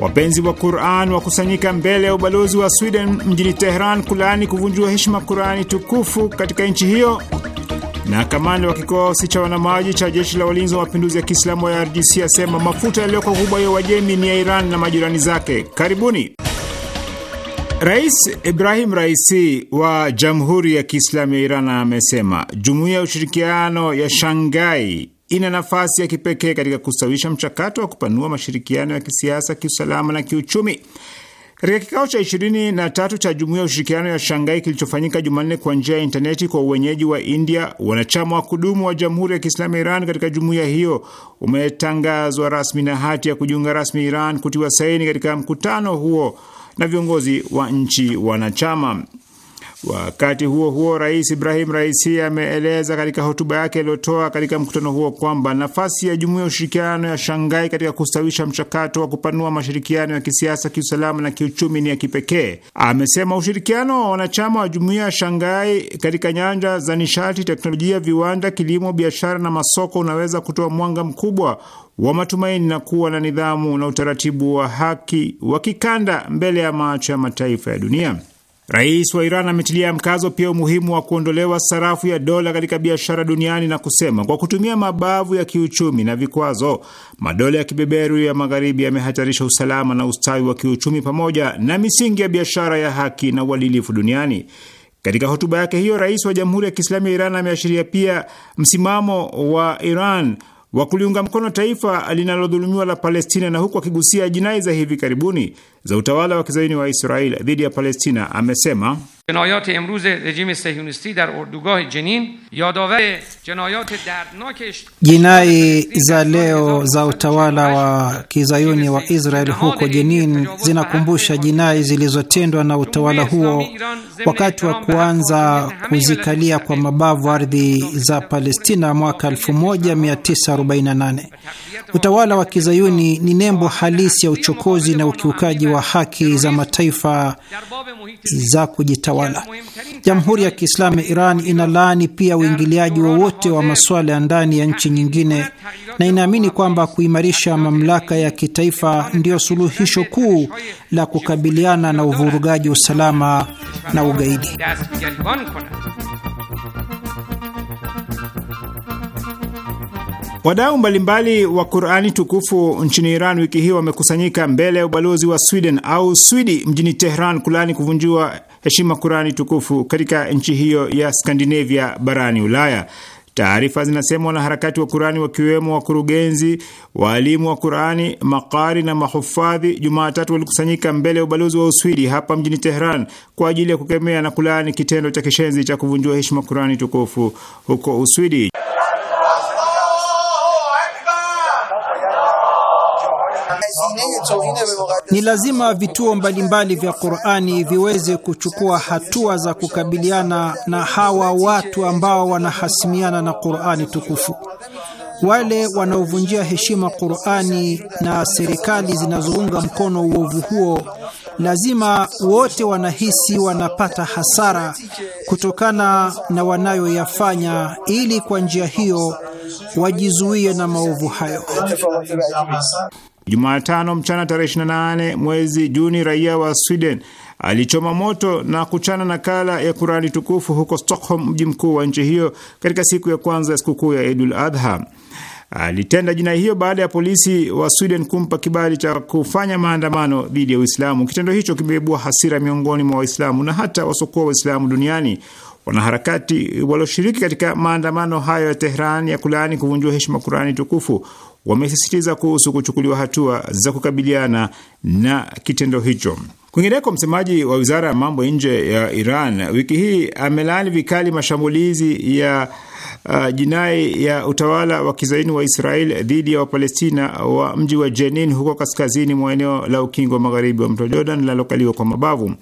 Wapenzi wa Quran wakusanyika mbele ya ubalozi wa Sweden mjini Tehran kulaani kuvunjiwa heshima Qurani tukufu katika nchi hiyo. Na kamanda wa kikosi cha wanamaji cha jeshi la walinzi wa mapinduzi ya Kiislamu ya IRGC asema mafuta yaliyoko kubwa ya Uajemi ni ya Iran na majirani zake. Karibuni. Rais Ibrahim Raisi wa Jamhuri ya Kiislamu ya Iran amesema jumuiya ya ushirikiano ya Shangai ina nafasi ya kipekee katika kustawisha mchakato wa kupanua mashirikiano ya kisiasa, kiusalama na kiuchumi. Katika kikao cha ishirini na tatu cha jumuiya ya ushirikiano ya Shangai kilichofanyika Jumanne kwa njia ya intaneti kwa uwenyeji wa India, wanachama wa kudumu wa Jamhuri ya Kiislamu ya Iran katika jumuiya hiyo umetangazwa rasmi na hati ya kujiunga rasmi Iran kutiwa saini katika mkutano huo na viongozi wa nchi wanachama. Wakati huo huo, Rais Ibrahim Raisi ameeleza katika hotuba yake aliyotoa katika mkutano huo kwamba nafasi ya Jumuiya ya Ushirikiano ya shangai katika kustawisha mchakato wa kupanua mashirikiano ya kisiasa, kiusalama na kiuchumi ni ya kipekee. Amesema ushirikiano wa wanachama wa Jumuiya ya shangai katika nyanja za nishati, teknolojia, viwanda, kilimo, biashara na masoko unaweza kutoa mwanga mkubwa wa matumaini na kuwa na nidhamu na utaratibu wa haki wa kikanda mbele ya macho ya mataifa ya dunia. Rais wa Iran ametilia mkazo pia umuhimu wa kuondolewa sarafu ya dola katika biashara duniani na kusema, kwa kutumia mabavu ya kiuchumi na vikwazo, madola ya kibeberu ya magharibi yamehatarisha usalama na ustawi wa kiuchumi pamoja na misingi ya biashara ya haki na uadilifu duniani. Katika hotuba yake hiyo, rais wa Jamhuri ya Kiislamu ya Iran ameashiria pia msimamo wa Iran wa kuliunga mkono taifa linalodhulumiwa la Palestina, na huku akigusia jinai za hivi karibuni za utawala wa kizaini wa Israel dhidi ya Palestina amesema جنایات امروز رژیم سهیونیستی در اردوگاه جنین یادآور جنایات دردناک jinai za leo za utawala wa kizayuni wa Israel huko Jenin zinakumbusha jinai zilizotendwa na utawala huo wakati wa kuanza kuzikalia kwa mabavu ardhi za Palestina mwaka 1948. Utawala wa kizayuni ni nembo halisi ya uchokozi na ukiukaji wa haki za mataifa za kujitawala utawala. Jamhuri ya Kiislamu ya Iran inalaani pia uingiliaji wowote wa, wa masuala ya ndani ya nchi nyingine na inaamini kwamba kuimarisha mamlaka ya kitaifa ndiyo suluhisho kuu la kukabiliana na uvurugaji usalama na ugaidi. Wadau mbalimbali wa Qurani tukufu nchini Iran wiki hii wamekusanyika mbele ya ubalozi wa Sweden au Swidi mjini Tehran kulani kuvunjiwa heshima Qurani tukufu katika nchi hiyo ya Skandinavia barani Ulaya. Taarifa zinasema wanaharakati wa Qurani wakiwemo wakurugenzi, waalimu wa Qurani, makari na mahufadhi, Jumatatu walikusanyika mbele ya ubalozi wa Uswidi hapa mjini Tehran kwa ajili ya kukemea na kulaani kitendo cha kishenzi cha kuvunjiwa heshima Qurani tukufu huko Uswidi. Ni lazima vituo mbalimbali vya Qur'ani viweze kuchukua hatua za kukabiliana na hawa watu ambao wanahasimiana na Qur'ani tukufu, wale wanaovunjia heshima Qur'ani na serikali zinazounga mkono uovu huo. Lazima wote wanahisi wanapata hasara kutokana na wanayoyafanya, ili kwa njia hiyo wajizuie na maovu hayo. Jumatano mchana tarehe 28 mwezi Juni, raia wa Sweden alichoma moto na kuchana nakala ya Kurani tukufu huko Stockholm, mji mkuu wa nchi hiyo, katika siku ya kwanza ya sikukuu ya Idul Adha. Alitenda jinai hiyo baada ya polisi wa Sweden kumpa kibali cha kufanya maandamano dhidi ya Uislamu. Kitendo hicho kimeibua hasira miongoni mwa Waislamu na hata wasokoa Waislamu duniani. Wanaharakati walioshiriki katika maandamano hayo ya Tehran ya kulaani kuvunjia heshima Kurani tukufu wamesisitiza kuhusu kuchukuliwa hatua za kukabiliana na kitendo hicho. Kwingineko, msemaji wa wizara ya mambo ya nje ya Iran wiki hii amelaani vikali mashambulizi ya uh, jinai ya utawala wa kizaini wa Israel dhidi ya Wapalestina wa mji wa Jenin huko kaskazini mwa eneo la ukingo wa magharibi wa mto Jordan linalokaliwa kwa mabavu.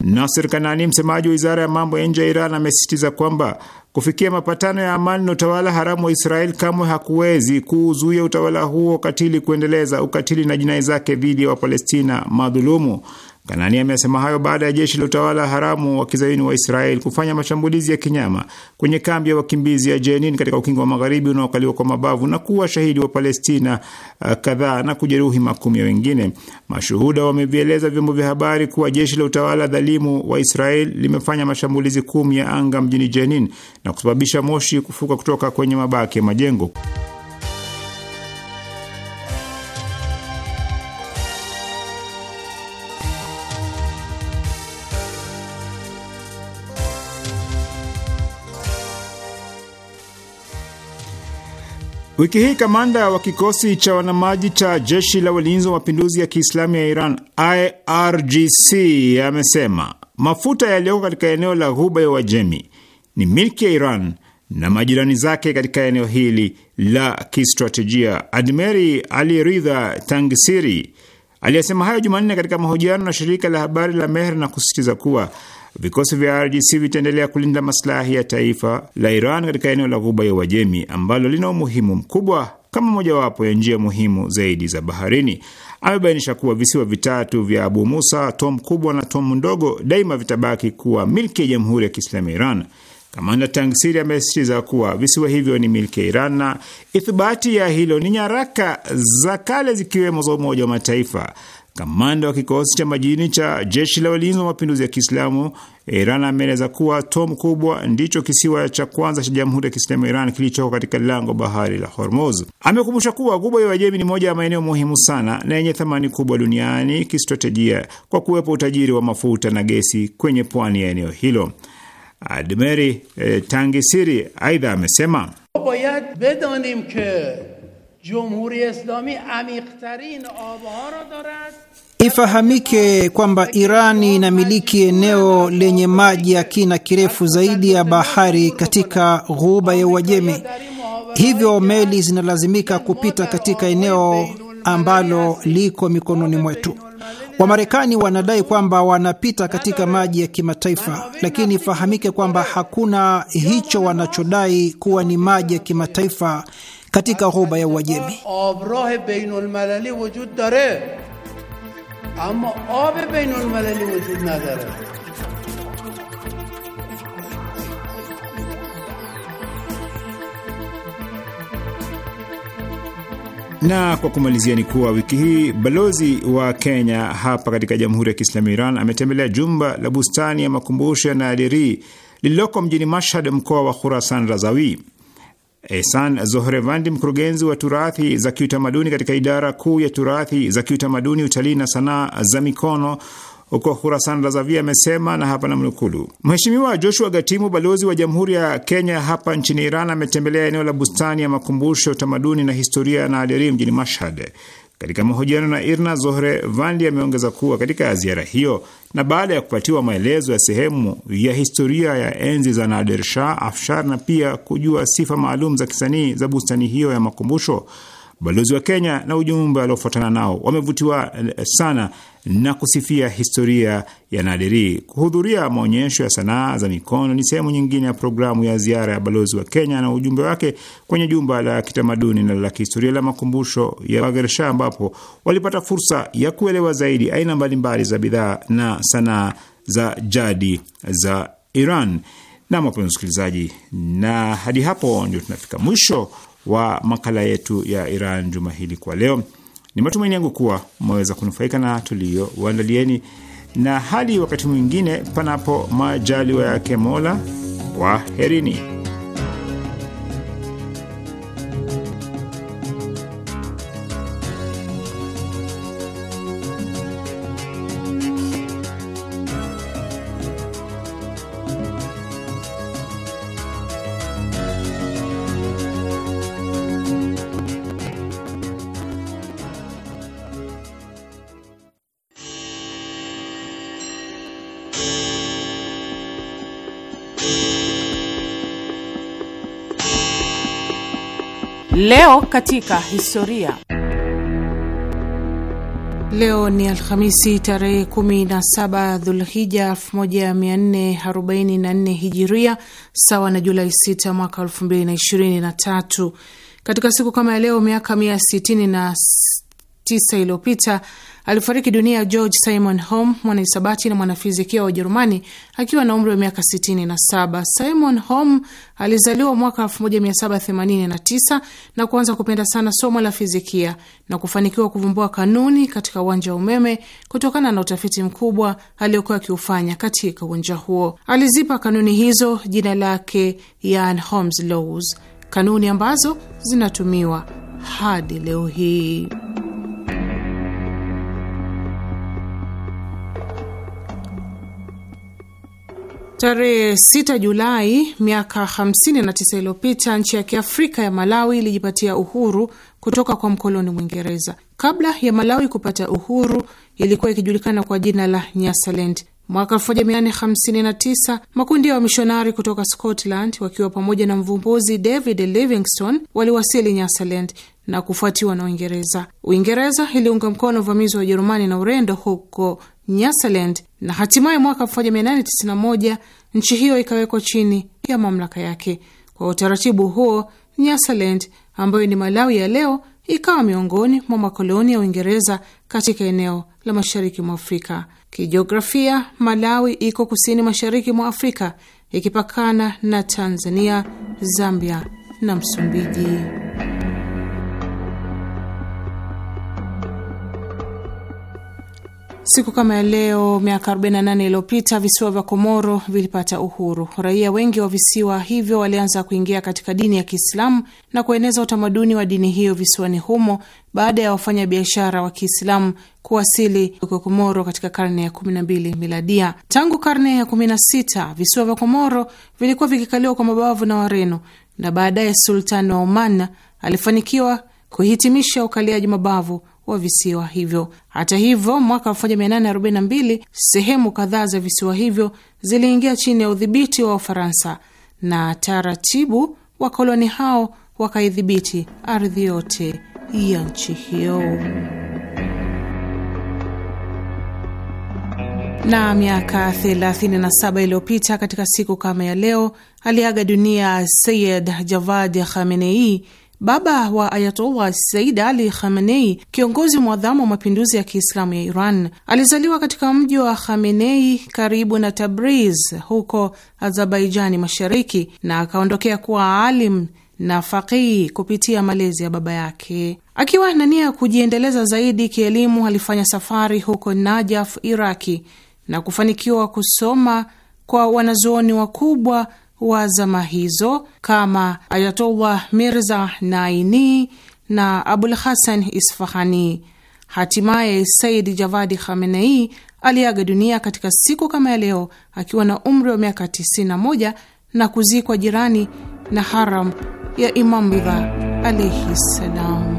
Nasir Kanani, msemaji wa wizara ya mambo ya nje ya Iran, amesisitiza kwamba Kufikia mapatano ya amani na utawala haramu wa Israeli kamwe hakuwezi kuzuia utawala huo katili kuendeleza ukatili na jinai zake dhidi ya Wapalestina madhulumu. Kanani amesema hayo baada ya jeshi la utawala haramu wa kizaini wa Israel kufanya mashambulizi ya kinyama kwenye kambi ya wakimbizi ya Jenin katika ukingo wa magharibi unaokaliwa kwa mabavu na kuwa shahidi wa Palestina uh, kadhaa na kujeruhi makumi wengine. Mashuhuda wamevieleza vyombo vya habari kuwa jeshi la utawala dhalimu wa Israel limefanya mashambulizi kumi ya anga mjini Jenin na kusababisha moshi kufuka kutoka kwenye mabaki ya majengo. Wiki hii kamanda wa kikosi cha wanamaji cha jeshi la walinzi wa mapinduzi ya Kiislamu ya Iran IRGC amesema mafuta yaliyoko katika eneo la Ghuba ya Uajemi ni milki ya Iran na majirani zake katika eneo hili la kistratejia. Admeri Ali Ridha Tangisiri aliyesema hayo Jumanne katika mahojiano na shirika la habari la Mehr na kusisitiza kuwa Vikosi vya IRGC vitaendelea kulinda masilahi ya taifa la Iran katika eneo la Ghuba ya Uajemi ambalo lina umuhimu mkubwa kama mojawapo ya njia muhimu zaidi za baharini. Amebainisha kuwa visiwa vitatu vya Abu Musa, Tom kubwa na Tom ndogo daima vitabaki kuwa milki ya Jamhuri ya Kiislamu ya Iran. Kamanda Tangsiri amesisitiza kuwa visiwa hivyo ni milki ya Iran na ithibati ya hilo ni nyaraka za kale zikiwemo za Umoja wa Mataifa Kamanda wa kikosi cha majini cha jeshi la walinzi wa mapinduzi ya Kiislamu Iran ameeleza kuwa Tom kubwa ndicho kisiwa cha kwanza cha jamhuri ya Kiislamu ya Iran kilichoko katika lango bahari la Hormuz. Amekumbusha kuwa Ghuba ya Uajemi ni moja ya maeneo muhimu sana na yenye thamani kubwa duniani kistratejia kwa kuwepo utajiri wa mafuta na gesi kwenye pwani ya eneo hilo. Admeri eh, Tangisiri aidha amesema Ifahamike kwamba Iran inamiliki eneo lenye maji ya kina kirefu zaidi ya bahari katika ghuba ya Uajemi, hivyo meli zinalazimika kupita katika eneo ambalo liko mikononi mwetu. Wamarekani wanadai kwamba wanapita katika maji ya kimataifa, lakini ifahamike kwamba hakuna hicho wanachodai kuwa ni maji ya kimataifa katika ghuba ya Uajemi. اما آب بین المللی وجود نداره Na kwa kumalizia ni kuwa wiki hii balozi wa Kenya hapa katika Jamhuri ya Kiislamu Iran ametembelea jumba la bustani ya makumbusho ya Nadiri lililoko mjini Mashhad, mkoa wa Khurasan Razawi. Ehsan Zohrevandi, mkurugenzi wa turathi za kiutamaduni katika idara kuu ya turathi za kiutamaduni, utalii na sanaa za mikono huko Khurasan Razavia amesema na hapa namnukulu: Mheshimiwa Joshua Gatimu, balozi wa Jamhuri ya Kenya hapa nchini Iran, ametembelea eneo la bustani ya makumbusho ya utamaduni na historia na aderi mjini Mashhad. Katika mahojiano na IRNA, Zohre Vandi ameongeza kuwa katika ziara hiyo na baada ya kupatiwa maelezo ya sehemu ya historia ya enzi za Nader Shah Afshar na pia kujua sifa maalum za kisanii za bustani hiyo ya makumbusho, balozi wa Kenya na ujumbe aliofuatana nao wamevutiwa eh, sana na kusifia historia ya Nadiri. Kuhudhuria maonyesho ya sanaa za mikono ni sehemu nyingine ya programu ya ziara ya balozi wa Kenya na ujumbe wake kwenye jumba la kitamaduni na la kihistoria la makumbusho ya wagersha ambapo walipata fursa ya kuelewa zaidi aina mbalimbali za bidhaa na sanaa za jadi za Iran. Na wapenzi msikilizaji, na hadi hapo ndio tunafika mwisho wa makala yetu ya Iran juma hili kwa leo. Ni matumaini yangu kuwa mmeweza kunufaika na waandalieni, na hadi wakati mwingine, panapo majaliwa yake Mola, kwaherini. Leo katika historia. Leo ni Alhamisi tarehe 17 Dhulhija 1444 Hijiria, sawa na Julai 6 mwaka 2023. Katika siku kama ya leo miaka 169 iliyopita Alifariki dunia George Simon Hom, mwanahisabati na mwanafizikia wa Ujerumani akiwa na umri wa miaka 67. Simon Hom alizaliwa mwaka 1789 na kuanza kupenda sana somo la fizikia na kufanikiwa kuvumbua kanuni katika uwanja wa umeme kutokana na utafiti mkubwa aliyokuwa akiufanya katika uwanja huo. Alizipa kanuni hizo jina lake Yan Holm's Laws, kanuni ambazo zinatumiwa hadi leo hii. Tarehe 6 Julai miaka 59 iliyopita nchi ya kiafrika ya Malawi ilijipatia uhuru kutoka kwa mkoloni Mwingereza. Kabla ya Malawi kupata uhuru, ilikuwa ikijulikana kwa jina la Nyasaland. Mwaka 1859 makundi ya wamishonari kutoka Scotland wakiwa pamoja na mvumbuzi David Livingstone waliwasili Nyasaland na kufuatiwa na Uingereza. Uingereza iliunga mkono uvamizi wa Ujerumani na urendo huko Nyasaland na hatimaye mwaka 1891 nchi hiyo ikawekwa chini ya mamlaka yake. Kwa utaratibu huo, Nyasaland ambayo ni Malawi ya leo ikawa miongoni mwa makoloni ya Uingereza katika eneo la mashariki mwa Afrika. Kijiografia, Malawi iko kusini mashariki mwa Afrika ikipakana na Tanzania, Zambia na Msumbiji. Siku kama ya leo miaka 48 iliyopita visiwa vya Komoro vilipata uhuru. Raia wengi wa visiwa hivyo walianza kuingia katika dini ya Kiislamu na kueneza utamaduni wa dini hiyo visiwani humo baada ya wafanyabiashara wa Kiislamu kuwasili huko Komoro katika karne ya 12 miladia. Tangu karne ya 16 visiwa vya Komoro vilikuwa vikikaliwa kwa mabavu na Wareno na baadaye sultan wa Oman alifanikiwa kuhitimisha ukaliaji mabavu wa visiwa hivyo. Hata hivyo, mwaka 1842 sehemu kadhaa za visiwa hivyo ziliingia chini ya udhibiti wa Ufaransa na taratibu wakoloni hao wakaidhibiti ardhi yote ya nchi hiyo. Na miaka 37 iliyopita katika siku kama ya leo aliaga dunia Sayid Javad Khamenei, Baba wa Ayatollah Said Ali Khamenei, kiongozi mwadhamu wa mapinduzi ya Kiislamu ya Iran, alizaliwa katika mji wa Khamenei karibu na Tabriz huko Azerbaijani Mashariki, na akaondokea kuwa alim na faqihi kupitia malezi ya baba yake. Akiwa na nia ya kujiendeleza zaidi kielimu, alifanya safari huko Najaf, Iraki, na kufanikiwa kusoma kwa wanazuoni wakubwa wa zama hizo kama Ayatollah Mirza Naini na Abul Hasan Isfahani. Hatimaye Said Javadi Khamenei aliaga dunia katika siku kama ya leo akiwa na umri wa miaka 91 na kuzikwa jirani na haram ya Imam Ridha alaihi ssalam.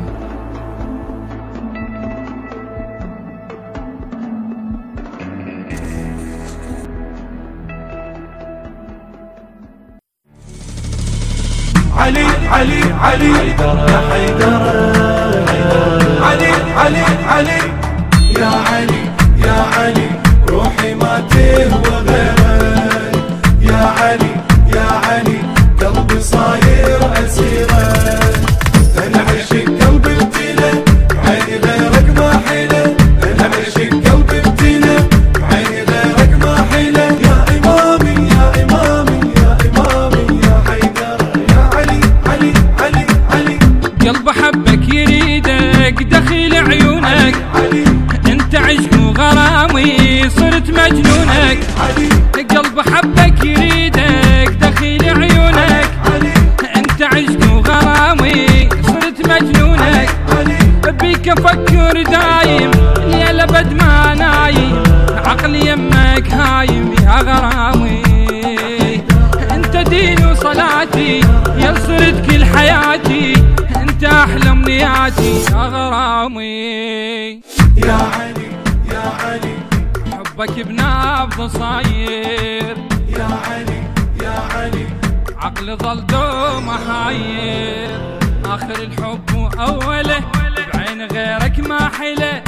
علي علي علي يا حيدر علي علي علي يا علي يا علي روحي ما تهوى غير حياتي انت احلى امنياتي غرامي يا علي يا علي حبك بنبض صاير يا علي يا علي عقلي ظل دوم حاير اخر الحب واوله بعين غيرك ما حله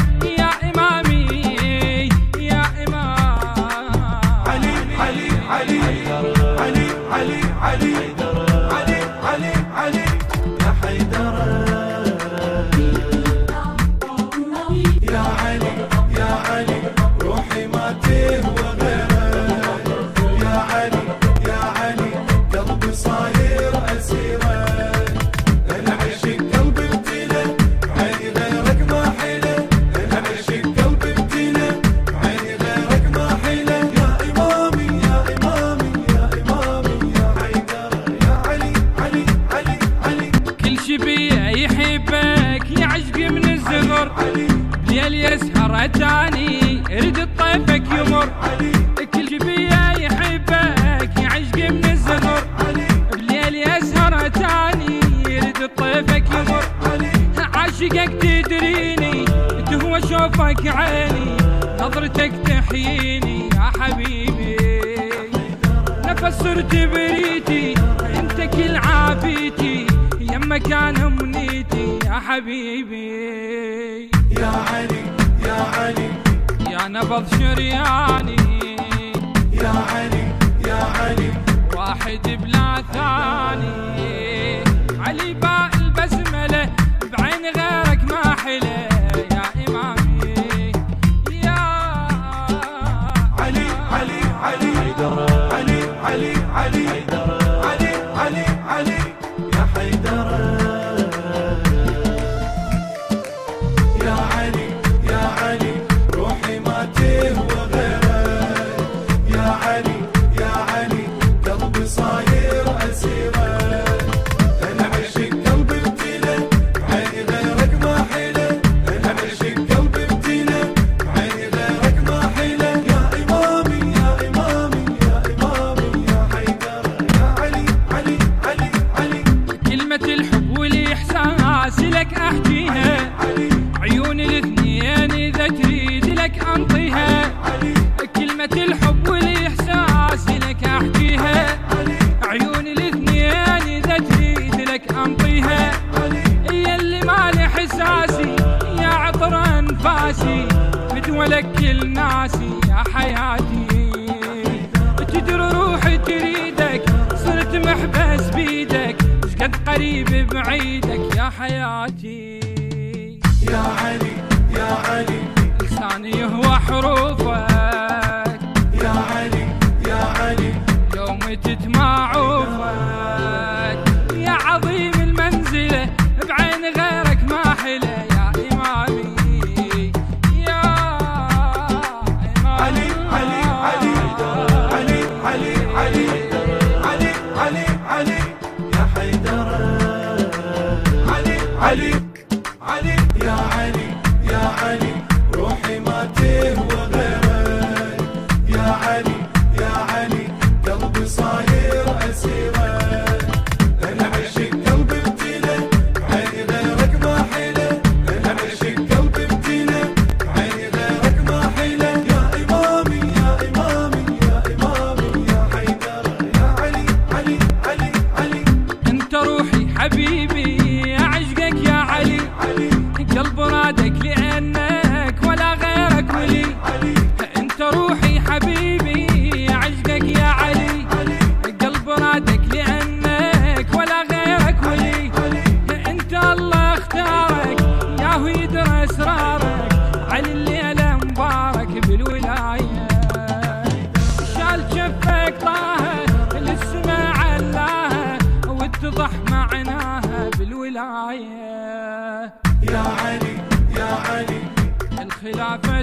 ناسي يا حياتي تدري روحي تريدك صرت محبس بيدك شقد قريب بعيدك يا حياتي يا علي يا علي لساني هو حروفك يا علي يا علي يوم تتمعوفك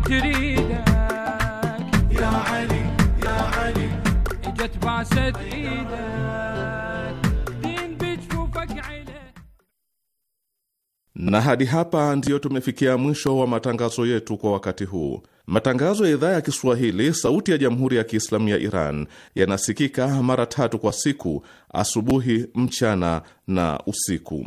تريدك يا علي يا علي اجت ايدك دين بجفوفك na hadi hapa ndiyo tumefikia mwisho wa matangazo yetu kwa wakati huu. Matangazo ya idhaa ya Kiswahili sauti ya jamhuri ya Kiislamu ya Iran yanasikika mara tatu kwa siku: asubuhi, mchana na usiku.